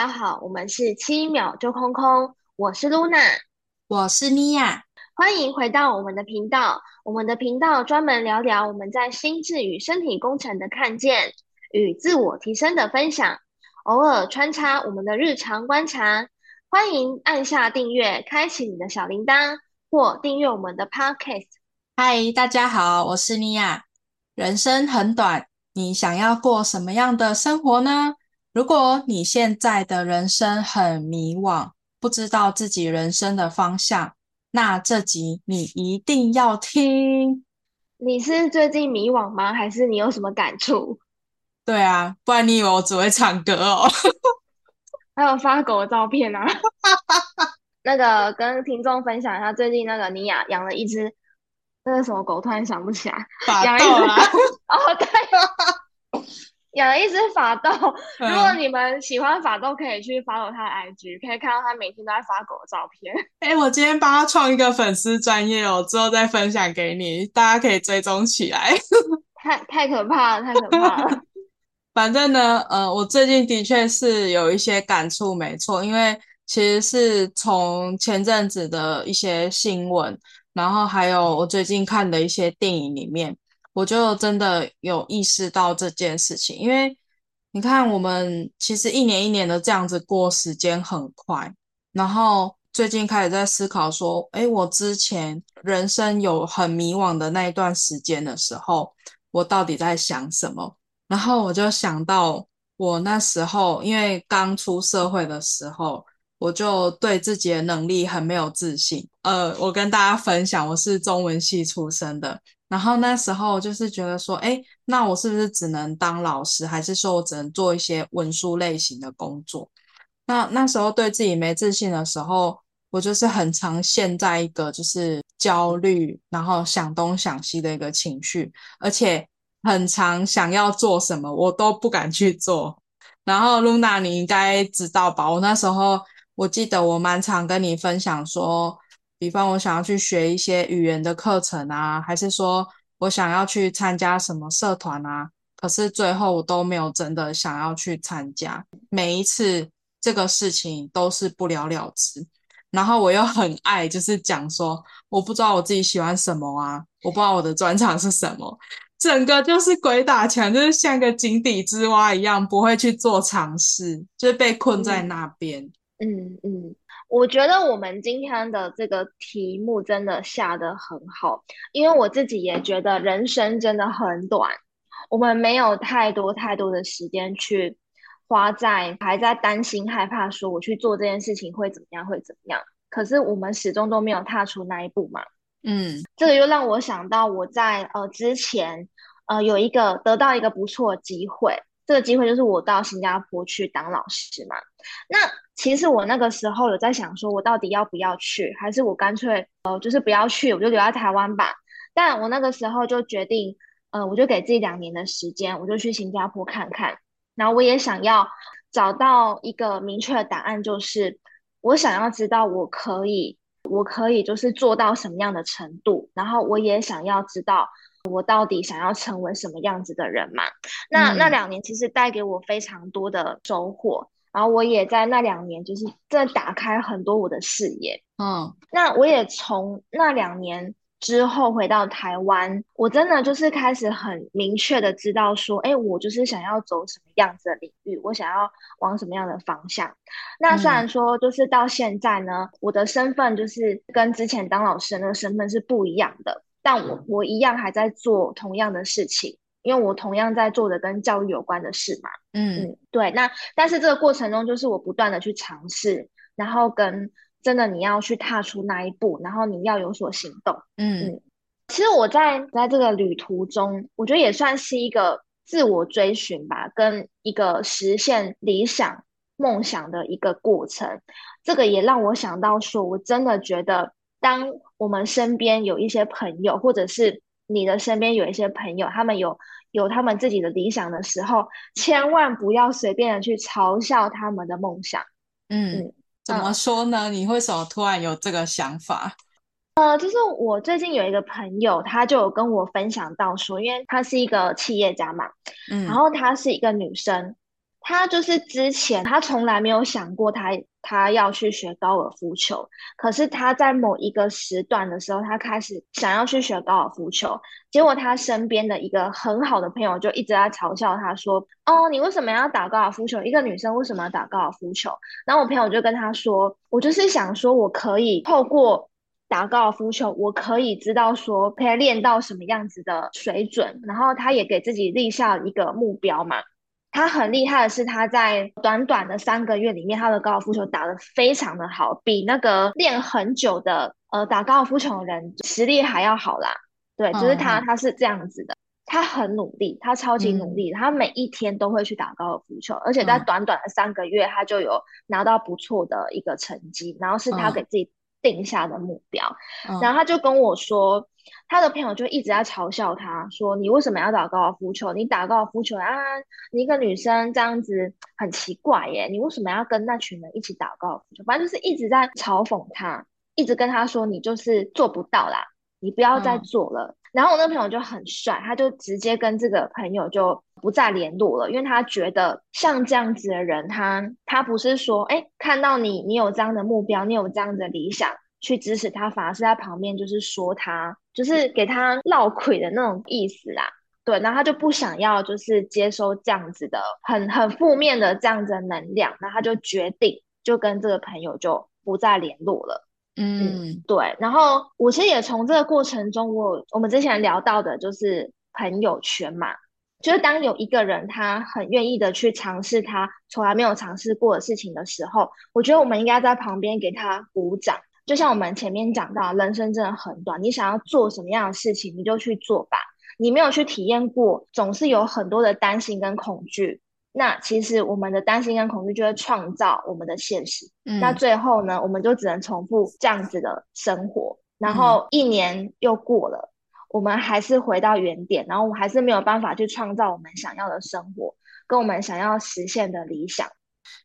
大家好，我們是七秒就空空，我是露娜，我是尼婭，歡迎回到我們的頻道。我們的頻道專門聊聊我們在心智與身體工程的看見與自我提升的分享，偶爾穿插我們的日常觀察。歡迎按下訂閱，開啟你的小鈴鐺，或訂閱我們的 Podcast。嗨，大家好，我是尼婭。人生很短，你想要過什麼樣的生活呢？如果你現在的人生很迷惘，不知道自己人生的方向，那這集你一定要聽。你是最近迷惘嗎？還是你有什麼感觸？對啊，不然你以為我只會唱歌哦？ 還有發狗的照片啊！ 那個跟聽眾分享一下，最近那個尼婭養了一隻那個什麼狗，突然想不起來、啊，啊、養了一隻狗 哦，對啊。 養了一隻法鬥，如果你們喜歡法鬥，可以去 follow 他的 IG，嗯、可以看到他每天都在發狗的照片。誒、欸，我今天幫他創一個粉絲專頁哦，我之後再分享給你，大家可以追蹤起來。太太可怕了，太可怕了。 反正呢，呃，我最近的確是有一些感觸，沒錯，因為其實是從前陣子的一些新聞，然後還有我最近看的一些電影裡面。我就真的有意識到這件事情，因為你看，我們其實一年一年的這樣子過，時間很快。然後最近開始在思考說，哎，我之前人生有很迷惘的那一段時間的時候，我到底在想什麼？然後我就想到，我那時候因為剛出社會的時候，我就對自己的能力很沒有自信。呃，我跟大家分享，我是中文系出身的。然後那時候就是覺得說，哎，那我是不是只能當老師，還是說我只能做一些文書類型的工作？那那時候對自己沒自信的時候，我就是很常陷在一個就是焦慮，然後想東想西的一個情緒，而且很常想要做什麼，我都不敢去做。然後嚕那，你應該知道吧？我那時候，我記得我蠻常跟你分享說，比方我想要去學一些語言的課程啊，還是說我想要去參加什麼社團啊？可是最後我都沒有真的想要去參加，每一次這個事情都是不了了之。然後我又很愛，就是講說，我不知道我自己喜歡什麼啊，我不知道我的專長是什麼，整個就是鬼打牆，就是像個井底之蛙一樣，不會去做嘗試，就是被困在那邊。嗯嗯。嗯嗯我覺得我們今天的這個題目真的下得很好，因為我自己也覺得人生真的很短，我們沒有太多太多的時間去花在還在擔心害怕，說我去做這件事情會怎麼樣會怎麼樣，可是我們始終都沒有踏出那一步嘛。嗯，這個又讓我想到我在呃之前呃有一個得到一個不錯的機會。這個機會就是我到新加坡去當老師嘛。那其實我那個時候有在想，說我到底要不要去，還是我乾脆呃，就是不要去，我就留在台灣吧。但我那個時候就決定，呃，我就給自己兩年的時間，我就去新加坡看看。然後我也想要找到一個明確的答案，就是我想要知道我可以，我可以就是做到什麼樣的程度。然後我也想要知道。我到底想要成為什麼樣子的人嘛？那那兩年其實帶給我非常多的收穫，嗯、然後我也在那兩年就是在打開很多我的視野。嗯，那我也從那兩年之後回到台灣，我真的就是開始很明確的知道說，誒，我就是想要走什麼樣子的領域，我想要往什麼樣的方向。那雖然說就是到現在呢，嗯、我的身份就是跟之前當老師的身份是不一樣的。但我我一樣還在做同樣的事情，因為我同樣在做的跟教育有關的事嘛。嗯嗯，對。那但是這個過程中，就是我不斷的去嘗試，然後跟真的你要去踏出那一步，然後你要有所行動。嗯嗯，其實我在在這個旅途中，我覺得也算是一個自我追尋吧，跟一個實現理想夢想的一個過程。這個也讓我想到說，我真的覺得。當我們身邊有一些朋友，或者是你的身邊有一些朋友，他們有有他們自己的理想的時候，千萬不要隨便的去嘲笑他們的夢想。嗯，嗯怎麼說呢？呃、你為什麼突然有這個想法？呃，就是我最近有一個朋友，他就有跟我分享到說，因為他是一個企業家嘛，嗯，然後他是一個女生。他就是之前他從來沒有想過他他要去學高爾夫球，可是他在某一個時段的時候，他開始想要去學高爾夫球。結果他身邊的一個很好的朋友就一直在嘲笑他說：“哦，你為什麼要打高爾夫球？一個女生為什麼要打高爾夫球？”然後我朋友就跟他說：“我就是想說，我可以透過打高爾夫球，我可以知道說可以練到什麼樣子的水準。”然後他也給自己立下一個目標嘛。他很厲害的是，他在短短的三個月裡面，他的高爾夫球打得非常的好，比那個練很久的呃打高爾夫球的人實力還要好啦。對，嗯、就是他，他是這樣子的，他很努力，他超級努力，嗯、他每一天都會去打高爾夫球，而且在短短的三個月，嗯、他就有拿到不錯的一個成績，然後是他給自己。定下的目標，然後他就跟我說，嗯，他的朋友就一直在嘲笑他，說你為什麼要打高爾夫球？你打高爾夫球啊，你一個女生這樣子很奇怪耶，你為什麼要跟那群人一起打高爾夫球？反正就是一直在嘲諷他，一直跟他說你就是做不到啦，你不要再做了。嗯然後我那個朋友就很帥，他就直接跟這個朋友就不再聯絡了，因為他覺得像這樣子的人，他他不是說哎看到你你有這樣的目標，你有這樣的理想去支持他，反而是在旁邊就是說他就是給他漏氣的那種意思啦。對，然後他就不想要就是接收這樣子的很很負面的這樣子的能量，那他就決定就跟這個朋友就不再聯絡了。嗯，對。然後，我其實也從這個過程中我，我我們之前聊到的就是朋友圈嘛，就是當有一個人他很願意的去嘗試他從來沒有嘗試過的事情的時候，我覺得我們應該要在旁邊給他鼓掌。就像我們前面講到，人生真的很短，你想要做什麼樣的事情，你就去做吧。你沒有去體驗過，總是有很多的擔心跟恐懼。那其實我們的擔心跟恐懼就會創造我們的現實。嗯、那最後呢，我們就只能重複這樣子的生活。然後一年又過了，嗯、我們還是回到原點，然後我們還是沒有辦法去創造我們想要的生活，跟我們想要實現的理想。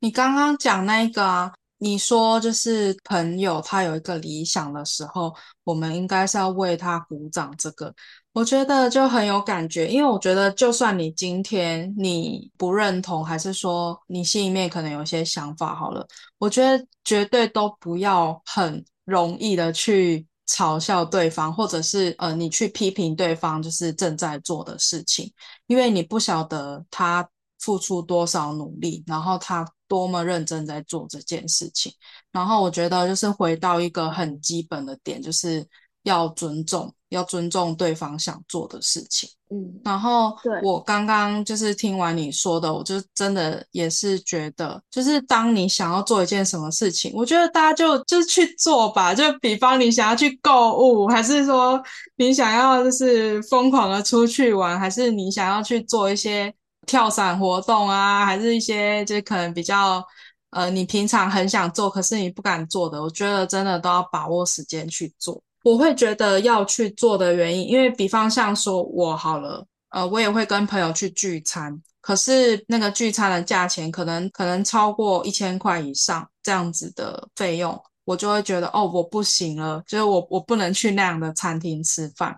你剛剛講那個、啊，你說就是朋友他有一個理想的時候，我們應該是要為他鼓掌。這個。我覺得就很有感覺，因為我覺得，就算你今天你不認同，還是說你心裡面可能有些想法，好了，我覺得絕對都不要很容易的去嘲笑對方，或者是呃，你去批評對方就是正在做的事情，因為你不曉得他付出多少努力，然後他多麼認真在做這件事情。然後我覺得就是回到一個很基本的點，就是要尊重。要尊重對方想做的事情，嗯，然後我剛剛就是聽完你說的，對我就真的也是覺得，就是當你想要做一件什麼事情，我覺得大家就就是去做吧。就比方你想要去購物，還是說你想要就是瘋狂的出去玩，還是你想要去做一些跳傘活動啊，還是一些就是可能比較呃，你平常很想做可是你不敢做的，我覺得真的都要把握時間去做。我會覺得要去做的原因，因為比方像說我好了，呃，我也會跟朋友去聚餐，可是那個聚餐的價錢可能可能超過一千塊以上這樣子的費用，我就會覺得哦，我不行了，就是我我不能去那樣的餐廳吃飯。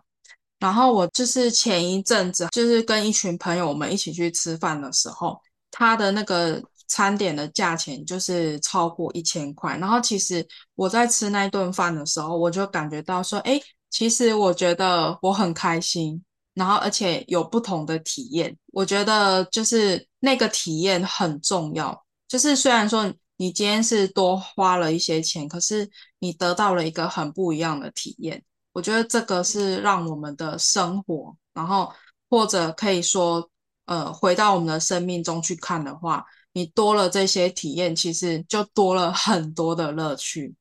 然後我就是前一陣子就是跟一群朋友們一起去吃飯的時候，他的那個。餐點的價錢就是超過一千塊，然後其實我在吃那一頓飯的時候，我就感覺到說，哎、欸，其實我覺得我很開心，然後而且有不同的體驗，我覺得就是那個體驗很重要。就是雖然說你今天是多花了一些錢，可是你得到了一個很不一樣的體驗。我覺得這個是讓我們的生活，然後或者可以說，呃，回到我們的生命中去看的話。你多了這些體驗，其實就多了很多的樂趣。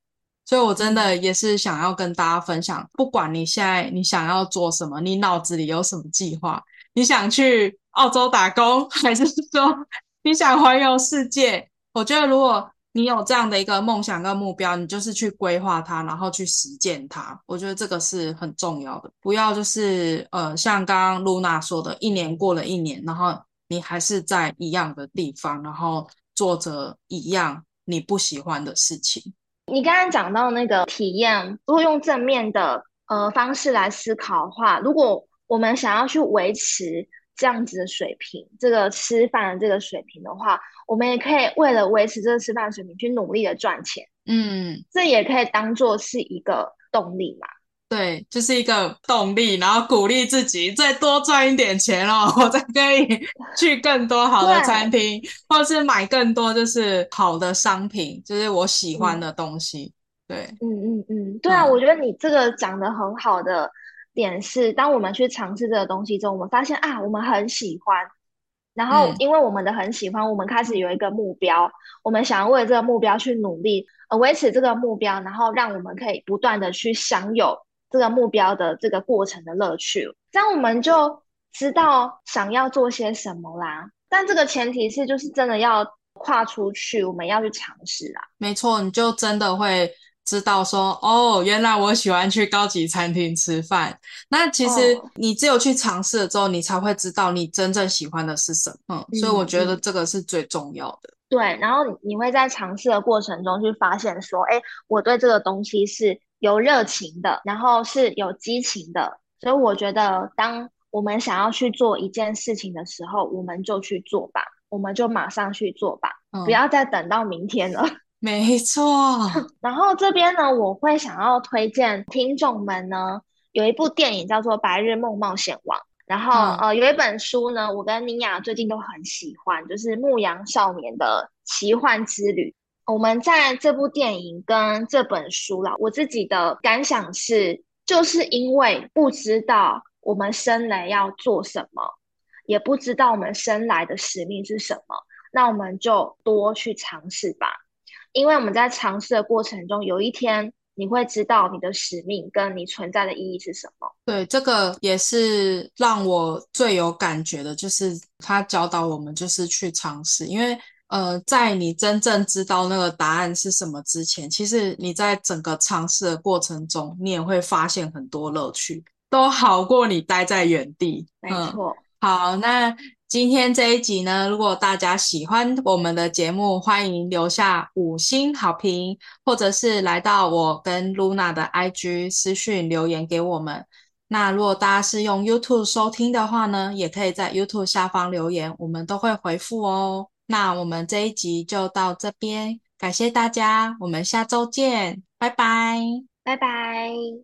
所以，我真的也是想要跟大家分享，不管你現在你想要做什麼，你腦子裡有什麼計劃，你想去澳洲打工，還是說你想環遊世界？我覺得，如果你有這樣的一個夢想跟目標，你就是去規劃它，然後去實踐它。我覺得這個是很重要的，不要就是呃，像剛剛嚕那說的，一年過了一年，然後。你還是在一樣的地方，然後做着一樣你不喜歡的事情。你剛剛講到那個體驗，如果用正面的呃方式來思考的話，如果我們想要去維持這樣子的水平，這個吃飯的這個水平的話，我們也可以為了維持這個吃飯水平去努力的賺錢。嗯，這也可以當做是一個動力嘛。對，就是一個動力，然後鼓勵自己再多賺一點錢哦，我才可以去更多好的餐廳，對或是買更多就是好的商品，就是我喜歡的東西。嗯、對，嗯嗯嗯，對啊，嗯、我覺得你這個講的很好的點是，當我們去嘗試這個東西之後我們發現啊，我們很喜歡，然後因為我們的很喜歡，我們開始有一個目標，我們想要為這個目標去努力，而、呃、維持這個目標，然後讓我們可以不斷的去享有，這個目標的這個過程的樂趣，這樣我們就知道想要做些什麼啦。但這個前提是，就是真的要跨出去，我們要去嘗試啦。沒錯，你就真的會知道說，哦，原來我喜歡去高級餐廳吃飯。那其實你只有去嘗試了之後，你才會知道你真正喜歡的是什麼。嗯嗯、所以我覺得這個是最重要的。對，然後你會在嘗試的過程中去發現說，哎，我對這個東西是。有熱情的，然後是有激情的，所以我覺得，當我們想要去做一件事情的時候，我們就去做吧，我們就馬上去做吧，嗯、不要再等到明天了。沒錯錯。 然後這邊呢，我會想要推薦聽眾們呢，有一部電影叫做《白日夢冒險王》，然後、嗯、呃，有一本書呢，我跟尼婭最近都很喜歡，就是《牧羊少年的奇幻之旅》。我們在這部電影跟這本書啦，我自己的感想是，就是因為不知道我們生來要做什麼，也不知道我們生來的使命是什麼，那我們就多去嘗試吧。因為我們在嘗試的過程中，有一天你會知道你的使命跟你存在的意義是什麼。對，這個也是讓我最有感覺的，就是他教導我們就是去嘗試，因為，呃，在你真正知道那個答案是什麼之前，其實你在整個嘗試的過程中，你也會發現很多樂趣，都好過你待在原地。沒錯，嗯。好，那今天這一集呢，如果大家喜歡我們的節目，歡迎留下五星好評，或者是來到我跟 Luna 的 IG 私訊留言給我們。那如果大家是用 YouTube 收聽的話呢，也可以在 YouTube 下方留言，我們都會回復哦。那我們這一集就到這邊，感謝大家，我們下周見，拜拜。拜拜。